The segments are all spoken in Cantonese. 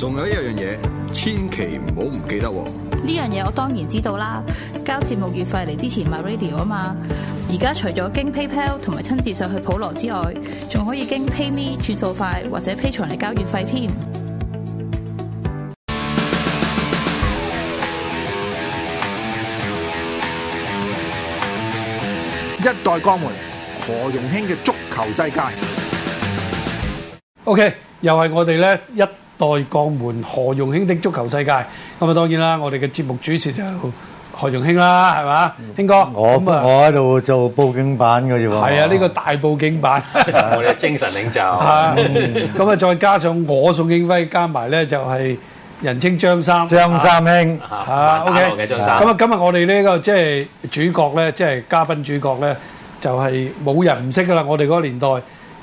仲有一樣嘢，千祈唔好唔記得喎！呢樣嘢我當然知道啦，交節目月費嚟支持 MyRadio 啊嘛。而家除咗經 PayPal 同埋親自上去普羅之外，仲可以經 PayMe 轉數快或者 Patreon 嚟交月費添。一代鋼門何容興嘅足球世界。OK，又係我哋咧一代鋼門何容興的足球世界，咁啊，當然啦，我哋嘅節目主持就何容興啦，係嘛，興哥，我我喺度做報警版嘅啫，係啊，呢個大報警版，我哋精神領袖，咁啊，再加上我宋景輝加埋咧，就係人稱張三，張三兄，吓，O K，咁啊，今日我哋呢個即係主角咧，即係嘉賓主角咧，就係冇人唔識噶啦，我哋嗰個年代。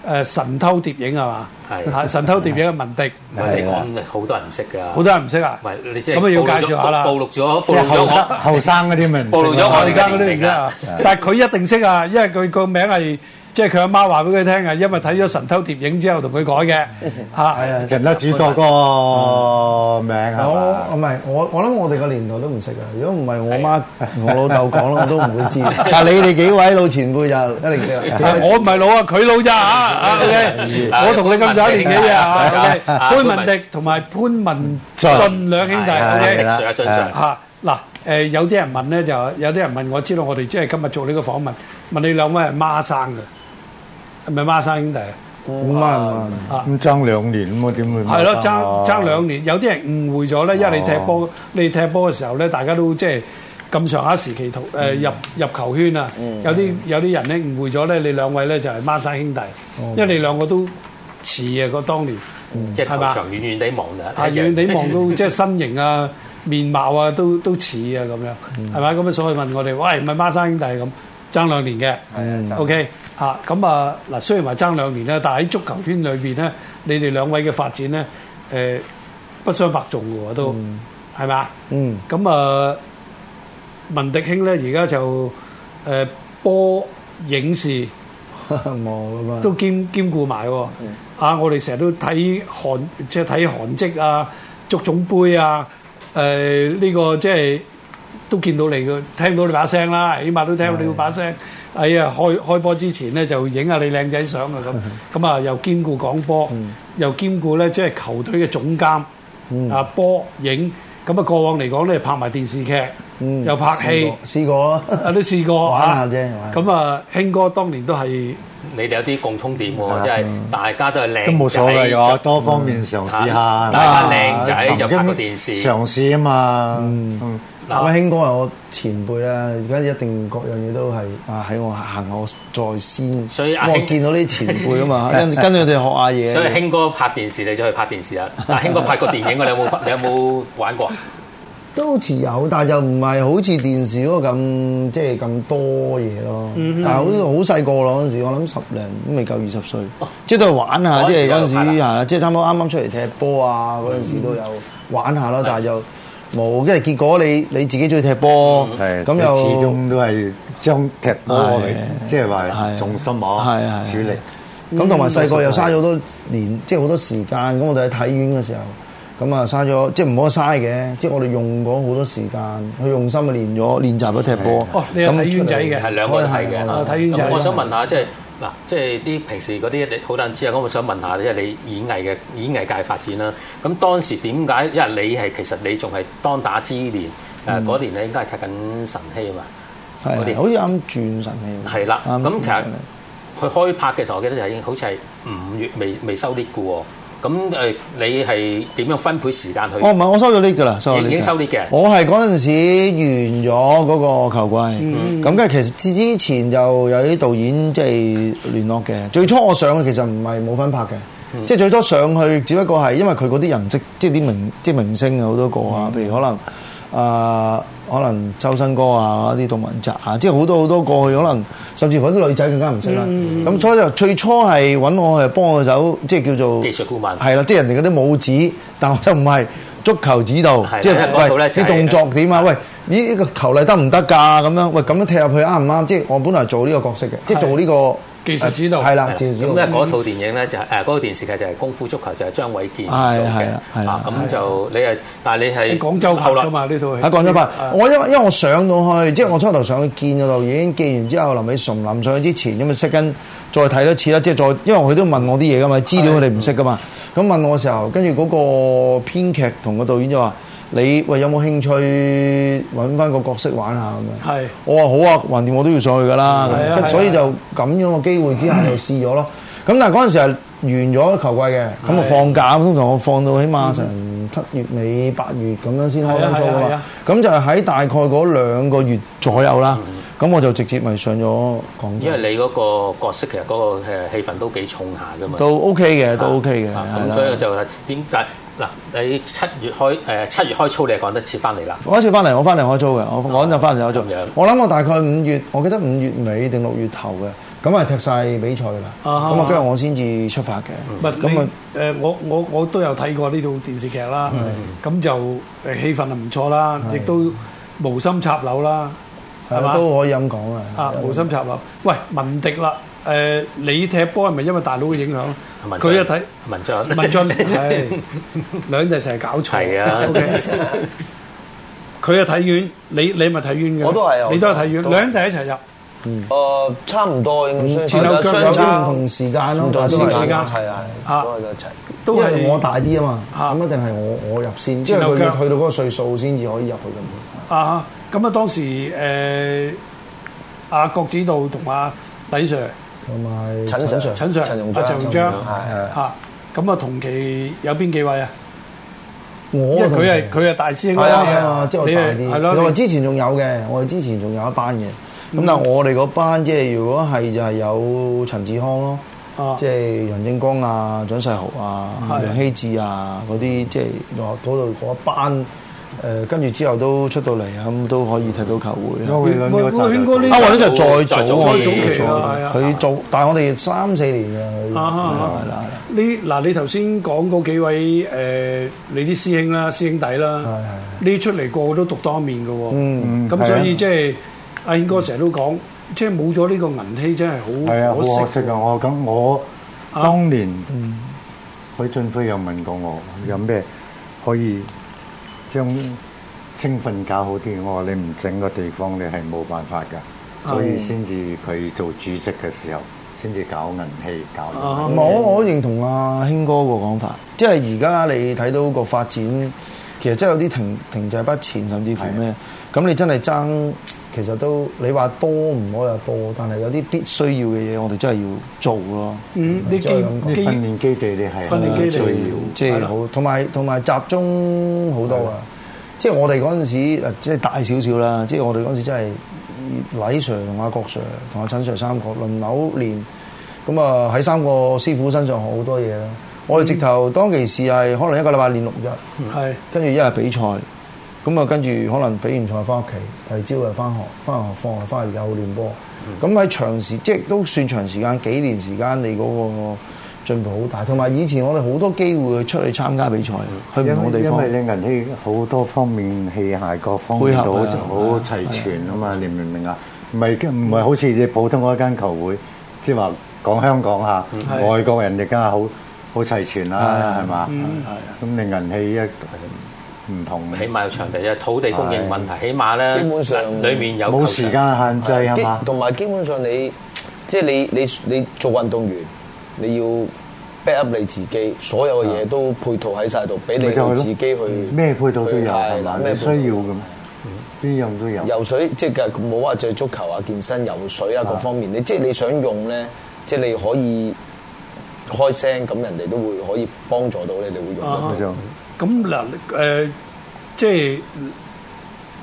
誒、呃、神偷諜影係嘛？係的神偷諜影嘅文迪，唔係你講嘅好多人唔識㗎，好多人唔識啊！唔係你即、就、係、是、暴露咗，暴露咗即係後生後生嗰啲咪唔識，暴露咗後生嗰啲而且啊，嗯、但係佢一定識啊，因為佢個名係。即係佢阿媽話俾佢聽啊，因為睇咗《神偷諜影》之後同佢改嘅嚇。係啊，仁德主角個名啊。我唔係我，我諗我哋個年代都唔識啊。如果唔係我媽同我老豆講啦，我都唔會知。但係你哋幾位老前輩就一定識。我唔係老啊，佢老咋嚇？OK，我同你咁早年紀啊。潘文迪同埋潘文俊兩兄弟。OK，常啊，最常嚇。嗱誒，有啲人問咧，就有啲人問我知道我哋即係今日做呢個訪問，問你兩位係孖生嘅。係咪孖生兄弟啊？咁啊，咁爭兩年咁啊，點會？係咯，爭爭兩年。有啲人誤會咗咧，因為你踢波，你踢波嘅時候咧，大家都即係咁上下時期同誒入入球圈啊。有啲有啲人咧誤會咗咧，你兩位咧就係孖生兄弟，因為你兩個都似啊，個當年，即係球場遠遠地望咋？啊，遠遠地望到即係身形啊、面貌啊，都都似啊咁樣，係咪？咁啊，所以問我哋：喂，唔係孖生兄弟咁爭兩年嘅？係啊，OK。啊，咁啊，嗱，雖然話爭兩年啦，但係喺足球圈裏邊咧，你哋兩位嘅發展咧，誒、呃，不相伯仲嘅喎，都係咪？嗯，咁啊，文迪兄咧，而家就誒，波、呃、影視，冇啊，都兼兼、兼顧埋喎。啊，我哋成日都睇韓，即係睇韓職啊，足總杯啊，誒、呃，呢、這個即、就、係、是、都見到你嘅，聽到你把聲啦、啊，起碼都聽到你把聲。哎呀，開開波之前咧，就影下你靚仔相啊咁，咁啊又兼顧講波，又兼顧咧，即係球隊嘅總監啊。波影咁啊，過往嚟講咧，拍埋電視劇，又拍戲，試過啊，都試過玩下啫。咁啊，興哥當年都係，你哋有啲共通點喎，即係大家都係靚仔，都冇所謂啊，多方面嘗試下，大家靚仔又拍過電視，嘗試啊嘛。嗱，興哥係我前輩啊，而家一定各樣嘢都係啊喺我行我再先，所以我見到啲前輩啊嘛， 跟跟住佢哋學下嘢。所以興哥拍電視，你就去拍電視啊。嗱，興哥拍過電影嘅，你有冇你有冇玩過？都好似有，但係又唔係好似電視嗰咁，即係咁多嘢咯。但係好似好細個咯，嗰陣時我諗十零都未夠二十歲，即係都係玩下，哦、即係嗰陣時啊，即係差唔多啱啱出嚟踢波啊，嗰陣時都有、嗯、玩下咯，但係又……冇，因為結果你你自己中意踢波，咁又始終都係將踢波嚟，即係話重心啊，主力。咁同埋細個又嘥咗好多年，即係好多時間。咁我哋喺體院嘅時候，咁啊嘥咗，即係唔可以嘥嘅。即係我哋用過好多時間去用心去練咗練習咗踢波。咁你有體院仔嘅，係兩個係嘅。體院我想問下即係。嗱，即係啲平時嗰啲，好多人知啊。我想問下，即係你演藝嘅演藝界發展啦。咁當時點解？因為你係其實你仲係當打之年，誒嗰、嗯、年咧應該係睇緊《的些神鵰》啊嘛的。嗰年好似啱轉《的神鵰》的。係啦，咁其實佢開拍嘅時候，我記得係已經好似係五月未未收啲嘅咁誒，你係點樣分配時間去？哦，唔係，我收咗呢噶啦，已經收啲嘅。我係嗰陣時完咗嗰個球季，咁跟住其實之前就有啲導演即係聯絡嘅。最初我上去其實唔係冇分拍嘅，即係、嗯、最多上去只不過係因為佢嗰啲人即即啲明即明星有好多個啊，譬、嗯、如可能。啊、呃，可能周生哥啊，一啲杜汶澤啊，即係好多好多過去，可能甚至乎啲女仔更加唔識啦。咁初就最初係揾我係幫我手，即係叫做技術顧問，係啦，即係人哋嗰啲武指，但我就唔係足球指導，的即係是、就是、喂啲、就是、動作點的啊？喂，呢個球嚟得唔得㗎？咁樣，喂咁樣踢入去啱唔啱？即係我本來做呢個角色嘅，即係做呢個。技術指導係啦，咁咧套電影咧就係誒嗰個電視劇就係《功夫足球》，就係張衛健做嘅。係係啦，咁就你啊，但係你喺廣州拍噶嘛？呢套喺廣州拍。我因為因為我上到去，即係我初頭上去見個導演，見完之後，林偉雄臨上去之前，咁咪識緊再睇多次啦。即係再，因為佢都問我啲嘢噶嘛，資料佢哋唔識噶嘛。咁問我嘅時候，跟住嗰個編劇同個導演就話，你喂，有冇興趣揾翻個角色玩下咁啊？係我話好啊，橫掂我都要上去噶啦，所以就咁樣個機會之下就試咗咯。咁但係嗰陣時係完咗球季嘅，咁啊放假咁，通常我放到起碼成七月尾八月咁樣先開翻操噶嘛。咁就喺大概嗰兩個月左右啦，咁我就直接咪上咗廣州。因為你嗰個角色其實嗰個誒戲份都幾重下㗎嘛，都 OK 嘅，都 OK 嘅，咁所以就係點解？嗱，你七月開誒七月開操，你係趕得切翻嚟啦？我一次翻嚟，我翻嚟開操嘅，我趕就翻嚟開做嘢。我諗我大概五月，我記得五月尾定六月頭嘅，咁啊踢晒比賽啦。咁啊，跟住我先至出發嘅。咁啊誒，我我我都有睇過呢套電視劇啦。咁就氣氛啊唔錯啦，亦都無心插柳啦，係咪？都可以咁講啊。啊，無心插柳。喂，文迪啦，誒，你踢波係咪因為大佬嘅影響？佢一睇文俊，文俊係兩隻成日搞錯。係啊，佢又睇遠，你你咪睇遠嘅。我都係啊，你都係睇遠，兩隻一齊入。嗯，誒差唔多，應該前後相差同時間咯，時間。係啊，啊都係。我大啲啊嘛，嚇咁一定係我我入先。即係佢要去到嗰個歲數先至可以入去咁。啊，咁啊當時誒阿郭指導同阿李 Sir。同埋陳陳尚、陳尚、阿張張嚇，咁啊同期有邊幾位啊？我因為佢係佢係大師兄啊嘛，即係大啲。我哋之前仲有嘅，我哋之前仲有一班嘅。咁但係我哋嗰班，即係如果係就係有陳志康咯，即係楊正光啊、蔣世豪啊、楊希志啊嗰啲，即係到度嗰一班。誒跟住之後都出到嚟咁都可以睇到球會。阿興呢？啊，我呢就再早早期佢做，但係我哋三四年嘅。啊啊啊！係啦，呢嗱，你頭先講嗰幾位誒，你啲師兄啦、師兄弟啦，呢出嚟個個都獨當面嘅喎。嗯咁所以即係阿興哥成日都講，即係冇咗呢個銀禧真係好可惜啊！我咁我當年海俊輝又問過我有咩可以。將清訓搞好啲，我話你唔整個地方，你係冇辦法㗎，所以先至佢做主席嘅時候，先至搞銀器，搞銀器。啊、mm，冇、hmm.，我我認同阿、啊、興哥個講法，即係而家你睇到個發展，其實真係有啲停停滯不前，甚至乎咩？咁的你真係爭。其實都你話多唔可以多，但係有啲必須要嘅嘢，我哋真係要做咯。嗯，啲基、嗯、訓練基地你係啊，最即係好。同埋同埋集中好多啊的！即係我哋嗰陣時，即係大少少啦。即係我哋嗰陣時真係李 sir 同阿郭 sir 同阿陳 sir 三個輪流練。咁啊喺三個師傅身上學好多嘢啦。嗯、我哋直頭當其時係可能一個禮拜練六日，係的的跟住一日比賽。咁啊，跟住可能比完賽翻屋企，第二朝啊翻學，翻學放學翻去練波。咁喺長時，即係都算長時間，幾年時間，你嗰個進步好大。同埋以前我哋好多機會出去參加比賽，去唔同地方。因為你銀器好多方面、器械各方配合就好齊全啊嘛，你明唔明啊？唔係唔係好似你普通嗰間球會，即係話講香港嚇，外國人而家好好齊全啦，係嘛？咁你銀器一唔同，起碼有場地啫。土地供應問題，起碼咧，基本上裏面有冇時間限制啊，同埋基本上你，即係你你你做運動員，你要 back up 你自己，所有嘅嘢都配套喺晒度，俾你自己去咩配套都有係嘛？咩需要咁？邊樣都有。游水即係冇話淨係足球啊、健身、游水啊各方面。你即係你想用咧，即係你可以開聲，咁人哋都會可以幫助到你，你哋會用。咁嗱誒，即係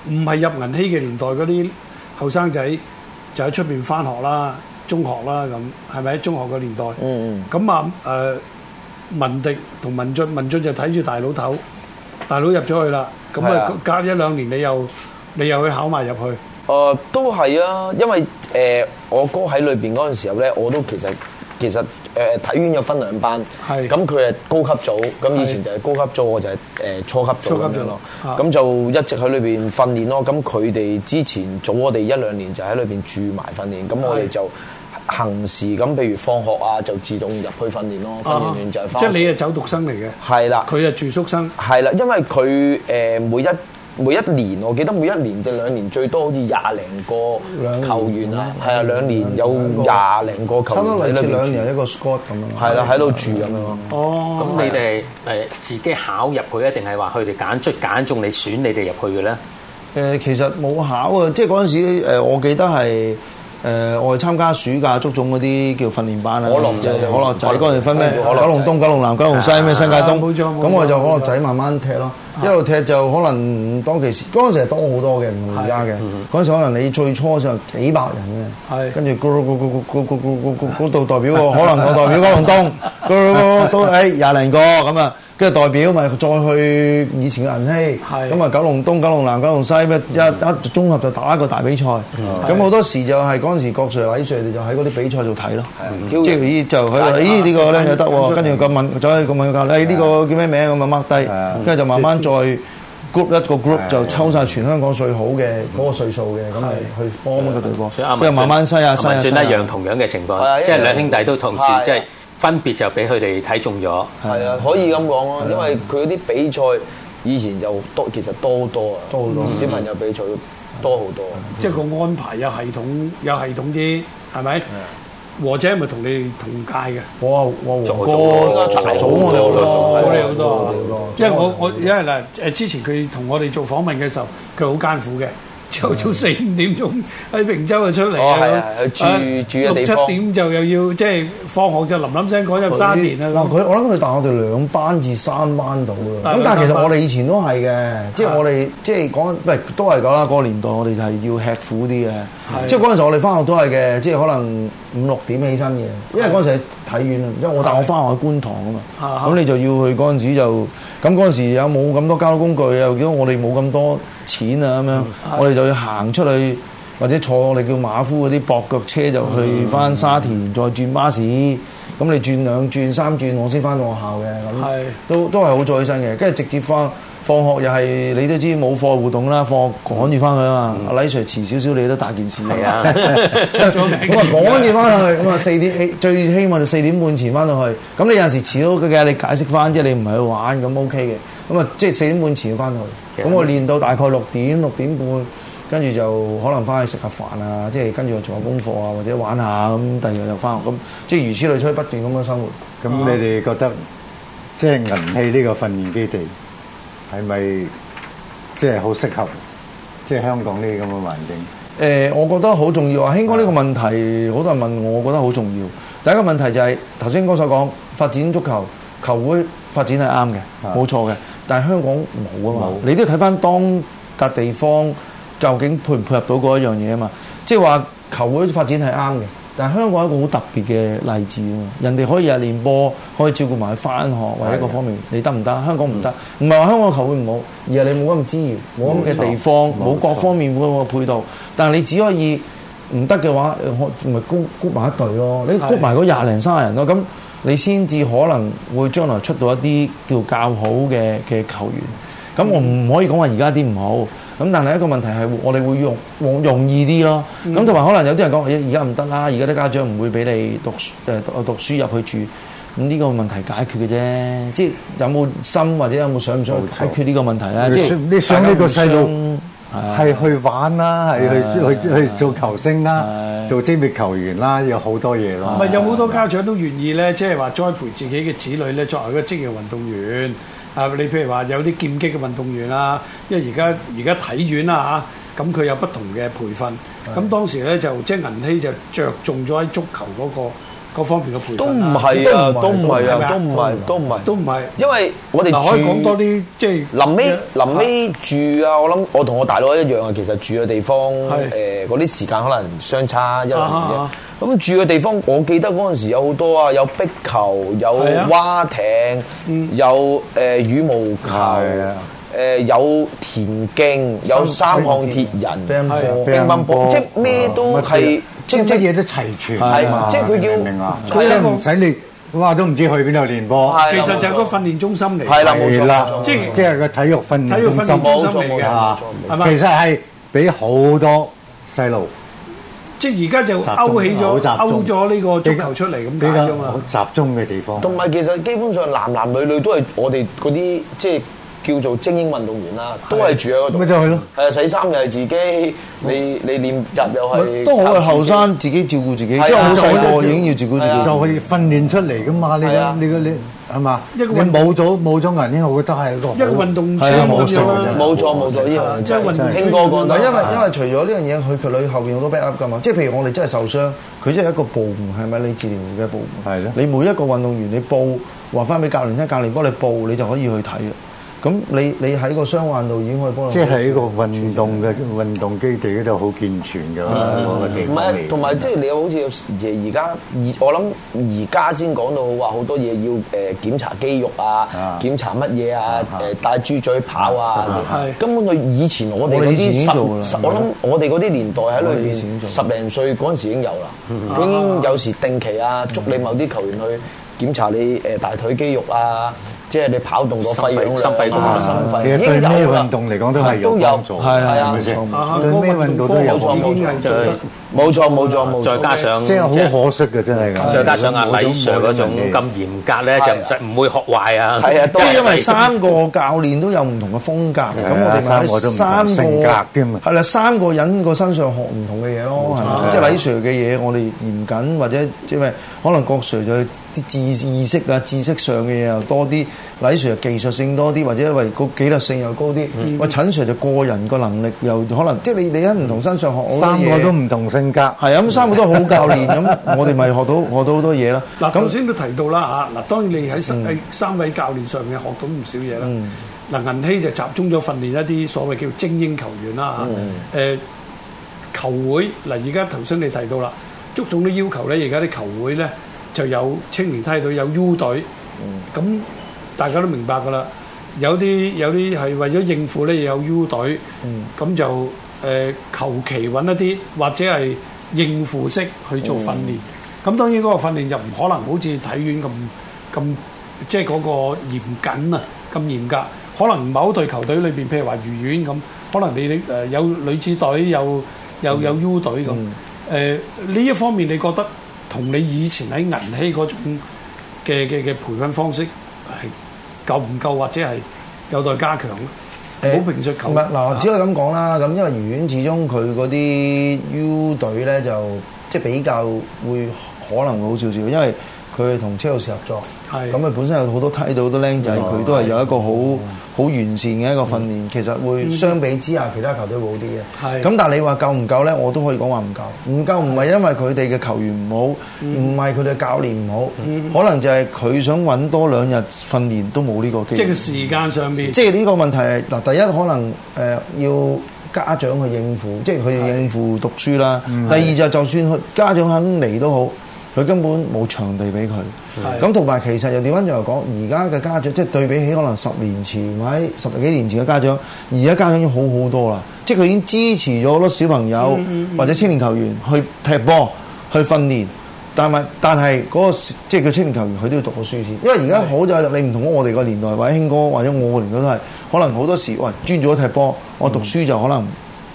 唔係入銀禧嘅年代嗰啲後生仔就喺出邊返學啦，中學啦咁，係咪？喺中學嘅年代。嗯嗯。咁啊誒，文迪同文俊，文俊就睇住大佬頭，大佬入咗去啦。咁啊，隔係啊一兩年你又你又去考埋入去。誒、呃，都係啊，因為誒、呃，我哥喺裏邊嗰陣時候咧，我都其實其實。誒、呃、體院有分兩班，咁佢係高級組，咁是以前就係高級組，我就係、是、誒、呃、初級組咁樣咯。咁就一直喺裏邊訓練咯。咁佢哋之前早我哋一兩年就喺裏邊住埋訓練，咁是我哋就行事。咁譬如放學啊，就自動入去訓練咯。訓練完就翻、啊。即係你係走讀生嚟嘅。係啦的，佢係住宿生。係啦，因為佢誒、呃、每一。每一年我記得每一年定兩年最多好似廿零個球員啊，係啊兩年有廿零個球員喺裏面住。差唔多類似兩年一個 Scott 咁咯。係啦對，喺度樣住咁咯。哦，咁你哋誒自己考入去，啊？定係話佢哋揀出揀中你選你哋入去嘅咧？誒，其實冇考啊，即係嗰陣時誒，我記得係。誒，我哋參加暑假足總嗰啲叫訓練班啦。可樂仔，可樂仔嗰陣分咩？九龍東、九龍南、九龍西咩？新界東。咁我就可樂仔慢慢踢咯，一路踢就可能當其時嗰陣時係多好多嘅，唔同而家嘅。嗰陣時可能你最初就幾百人嘅，跟住咕咕咕咕咕咕咕咕到代表個可能我代表九龍東，都誒廿零個咁啊。跟住代表咪再去以前嘅銀禧，咁啊九龍東、九龍南、九龍西咩一一綜合就打一個大比賽，咁好多時就係嗰陣時郭 Sir、李 Sir 就喺嗰啲比賽度睇咯。即係依就係，哎呢個咧就得，跟住咁問，再咁問佢：咧呢個叫咩名？咁啊 mark 低，跟住就慢慢再 group 一個 group，就抽晒全香港最好嘅嗰個歲數嘅，咁咪去 form 一個隊波。跟住慢慢篩下篩下一樣同樣嘅情況，即係兩兄弟都同時即係。分別就俾佢哋睇中咗，係啊，可以咁講咯，因為佢啲比賽以前就多，其實多多啊，多好多小朋友比賽多好多，即係個安排有系統，有系統啲，係咪？或者咪同你同屆嘅？我我哥哥早我哋好多，早你好多，因為我我因為嗱誒，之前佢同我哋做訪問嘅時候，佢好艱苦嘅。朝早四五點鐘喺坪洲就出嚟啊、哦，住住嘅地方六七點就又要即係、就是、放學就林林聲趕入沙田啦。嗱，佢我諗佢，大我哋兩班至三班度。咁但係其實我哋以前都係嘅的，即係我哋即係講，唔都係咁啦。嗰、那個、年代我哋就係要吃苦啲嘅。即係嗰陣時，我哋翻學都係嘅，即係可能五六點起身嘅，因為嗰陣時體院啊，的因為我帶我翻學去觀塘啊嘛，咁的你就要去嗰陣時就咁，嗰陣時又冇咁多交通工具啊，又見我哋冇咁多錢啊咁樣，嗯、我哋就要行出去或者坐我哋叫馬夫嗰啲駁腳車就去翻沙田，嗯嗯、再轉巴士，咁你轉兩轉三轉，我先翻到學校嘅，咁，的的都都係好早起身嘅，跟住直接翻。放學又係你都知冇課活動啦，放學趕住翻去吖嘛，阿李 Sir 遲少少你都大件事咁啊，趕住翻去咁啊，四點起最希望就四點半前翻到去。咁你有陣時遲到得嘅，你解釋翻啫，你唔係去玩咁 OK 嘅。咁啊，即係四點半前翻去。咁實我練到大概六點六點半，跟住就可能翻去食下飯啊，即係跟住做下功課啊，或者玩下咁，第二日就翻學。咁即係如此類推，不斷咁樣生活。咁你哋覺得即係銀禧呢個訓練基地？係咪即係好適合？即係香港呢啲咁嘅環境？誒、呃，我覺得好重要啊！興哥呢個問題，啊，好多人問我，我覺得好重要。第一個問題就係頭先興哥所講，發展足球球會發展係啱嘅，冇是的 錯嘅。但係香港冇啊嘛，你都要睇翻當個地方究竟配唔配合到嗰一樣嘢啊嘛。即係話球會發展係啱嘅。但係香港係一個好特別嘅例子啊嘛，人哋可以日日練波，可以照顧埋佢翻學或者各方面，你得唔得？香港唔得，唔係話香港球會唔好，而係你冇咁嘅資源，冇咁嘅地方，冇各方面嘅配套。但係你只可以唔得嘅話，我咪谷埋一隊咯，你谷埋嗰廿零卅人咯，咁的你先至可能會將來出到一啲叫較好嘅嘅球員。咁我唔可以講話而家啲唔好，咁但係一個問題係我哋會用用容易啲咯。咁同埋可能有啲人講，而家唔得啦，而家啲家長唔會俾你讀誒讀讀書入去住。咁、這、呢個問題解決嘅啫，即係有冇心或者有冇想唔想解決呢個問題咧？錯即係想呢個細路係去玩啦，係去去去做球星啦，吧做職業球員啦，有好多嘢咯。唔係吧有好多家長都願意咧，即係話栽培自己嘅子女咧，作為一個職業運動員。啊！你譬如話有啲劍擊嘅運動員啊，因為而家而家體院啊嚇，咁、啊、佢有不同嘅培訓。咁的當時咧就即、就是、銀禧就着重咗喺足球嗰、那個。各方面嘅培訓都唔係啊，都唔係啊，都唔係，都唔係，都唔係，因為我哋嗱可以講多啲即係臨尾臨尾住啊！我諗我同我大佬一樣啊，其實住嘅地方誒嗰啲時間可能相差一年啫。咁住嘅地方，我記得嗰陣時有好多啊，有壁球，有蛙艇，有誒羽毛球，誒有田徑，有三項鐵人，乒乓波，即咩都係。.即乜嘢都齊全，係即係佢要，佢都唔使你，哇都唔知去邊度練波。其實就係個訓練中心嚟，係啦冇錯，即係即係個體育訓練體育訓練中心嚟㗎，係嘛？其實係俾好多細路，即係而家就勾起咗勾咗呢個足球出嚟咁解啫嘛，集中嘅地方。同埋其實基本上男男女女都係我哋嗰啲即係。叫做精英運動員啦，都係住喺嗰度。咪就去咯，係啊！洗衫又係自己，你你練習又係都好後生，自己照顧自己。即係好細個已經要照顧自己。就可以訓練出嚟噶嘛？你個你你係嘛？你冇咗冇咗人咧，我覺得係一個。一個運動員冇咗冇錯冇咗即係運動興過過，因為因為除咗呢樣嘢，佢佢裏後邊好多 backup 噶嘛？即係譬如我哋真係受傷，佢即係一個部門係咪？你治療嘅部門。係你每一個運動員你報話翻俾教練聽，教練幫你報，你就可以去睇啊。咁你你喺個傷患度已經可以幫，即係喺個運動嘅運動基地嗰度好健全㗎，唔係，同埋即係你好似而而家我諗而家先講到話好多嘢要誒檢查肌肉啊，檢查乜嘢啊？誒帶豬嘴跑啊！根本佢以前我哋嗰啲十十我諗我哋嗰啲年代喺裏邊十零歲嗰陣時已經有啦，已經有時定期啊，捉你某啲球員去檢查你誒大腿肌肉啊。即係你跑動個肺氧量、心肺功能，其實對咩運動嚟講都係有幫助，係啊，冇錯，對咩運動都有幫助嘅。冇錯冇錯冇錯，再加上即係好可惜嘅，真係咁。再加上阿李 Sir 嗰種咁嚴格咧，就唔使，唔會學壞啊。係啊，即係因為三個教練都有唔同嘅風格，咁我哋咪三個性格添嘛。係啦，三個人個身上學唔同嘅嘢咯，係嘛？即係李 Sir 嘅嘢，我哋嚴謹或者即係可能郭 Sir 就啲知意識啊、知識上嘅嘢又多啲，李 Sir 技術性多啲，或者因為個紀律性又高啲。我陳 Sir 就個人個能力又可能，即係你你喺唔同身上學好多嘢。三個都唔同性。性係啊，咁、嗯、三位都好教練咁， 我哋咪學到 學到好多嘢咯。嗱、嗯，頭先都提到啦嚇，嗱當然你喺三位三位教練上面學到唔少嘢啦。嗱銀禧就集中咗訓練一啲所謂叫精英球員啦嚇。誒、嗯啊、球會嗱，而家頭先你提到啦，足總的要求咧，而家啲球會咧就有青年梯隊有 U 隊，咁、嗯、大家都明白噶啦。有啲有啲係為咗應付咧，有 U 隊，咁、嗯、就。誒求其揾一啲或者係應付式去做訓練，咁、嗯、當然嗰個訓練又唔可能好似體院咁咁即係嗰個嚴謹啊，咁嚴格，可能某隊球隊裏邊，譬如話愉園咁，可能你誒、呃、有女子隊，有有有 U 隊咁，誒呢一方面，你覺得同你以前喺銀禧嗰種嘅嘅嘅培訓方式係夠唔夠，或者係有待加強咧？唔係嗱，只可以咁講啦。咁、啊、因為愉園始終佢嗰啲 U 隊咧，就即係比較會可能會好少少，因為佢同車路士合作，咁啊佢本身有好多梯度、好多靚仔，佢都係有一個好好完善嘅一個訓練，嗯、其實會相比之下，嗯、其他球隊會好啲嘅。係，咁但係你話夠唔夠咧？我都可以講話唔夠，唔夠唔係因為佢哋嘅球員唔好，唔係佢哋教練唔好，可能就係佢想揾多兩日訓練都冇呢個機會。即係時間上邊。即係呢個問題，係嗱，第一可能誒要家長去應付，嗯、即係佢要應付讀書啦。是的 第二就就算佢家長肯嚟都好。佢根本冇場地俾佢，咁同埋其實又點樣又講？而家嘅家長即係對比起可能十年前或者十幾年前嘅家長，而家家長已經好好多啦。即係佢已經支持咗好多小朋友或者青年球員去踢波、去訓練，但係但係嗰個即係佢青年球員，佢都要讀過書先。因為而家好在你唔同我哋個年代，或者興哥或者我個年代都係，可能好多時喂專注咗踢波，我讀書就可能，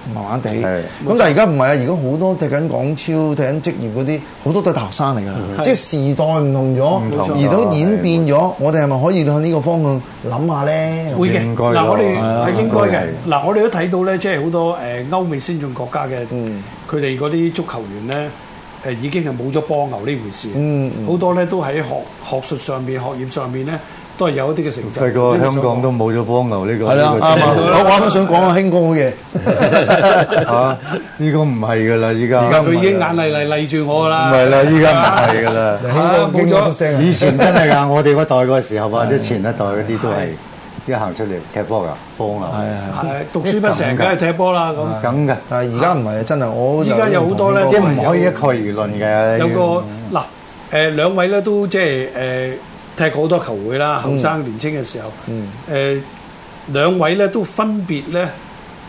麻麻地，咁但係而家唔係啊！而家好多踢緊港超、踢緊職業嗰啲，好多都係大學生嚟㗎啦。即係時代唔同咗，而都演變咗。我哋係咪可以向呢個方向諗下咧？會嘅，嗱我哋係應該嘅。嗱我哋都睇到咧，即係好多誒歐美先進國家嘅，佢哋嗰啲足球員咧，誒已經係冇咗波牛呢回事。嗯，好多咧都喺學學術上面、學業上面咧。都係有一啲嘅成績。細個香港都冇咗波牛呢個。係啦，啱啊！我啱啱想講啊，興哥好嘢嚇！呢個唔係噶啦，依家佢已經眼嚟嚟嚟住我噶啦。唔係啦，依家唔係噶啦。興哥，傾咗成。以前真係噶，我哋嗰代個時候啊，或者前一代嗰啲都係一行出嚟踢波㗎，波牛。係係。讀書不成，梗係踢波啦咁。咁嘅，但係而家唔係啊！真係我依家有好多咧，啲唔可以一概而論嘅。有個嗱，誒兩位咧都即係誒。踢過好多球會啦，後生年青嘅時候，誒兩位咧都分別咧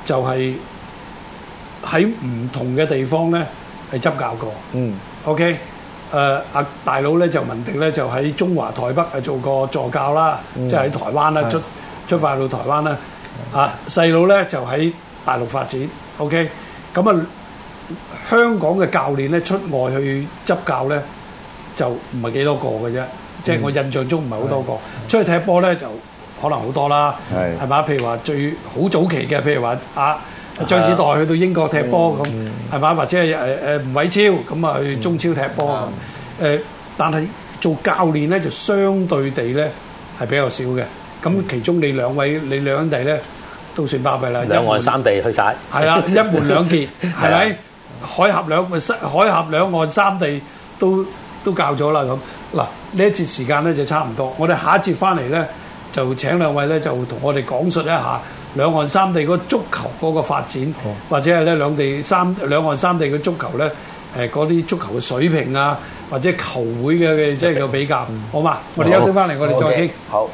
就係喺唔同嘅地方咧係執教過。OK，誒阿大佬咧就文迪咧就喺中華台北誒做過助教啦，即係喺台灣啦出出發到台灣啦。啊，細佬咧就喺大陸發展。OK，咁啊香港嘅教練咧出外去執教咧就唔係幾多個嘅啫。即係我印象中唔係好多個出去踢波咧，就可能好多啦，係嘛？譬如話最好早期嘅，譬如話阿張子岱去到英國踢波咁，係嘛？或者係誒誒吳偉超咁啊去中超踢波咁。誒，但係做教練咧就相對地咧係比較少嘅。咁其中你兩位你兩兄弟咧都算巴閉啦，兩岸三地去曬，係啦，一門兩傑係咪？海峽兩誒海峽兩岸三地都都教咗啦咁。嗱，呢一節時間咧就差唔多，我哋下一節翻嚟咧就請兩位咧就同我哋講述一下兩岸三地嗰足球嗰個發展，嗯、或者係咧兩地三兩岸三地嘅足球咧誒嗰啲足球嘅水平啊，或者球會嘅嘅即係嘅比較，嗯、好嘛？我哋休息翻嚟，我哋再傾。好。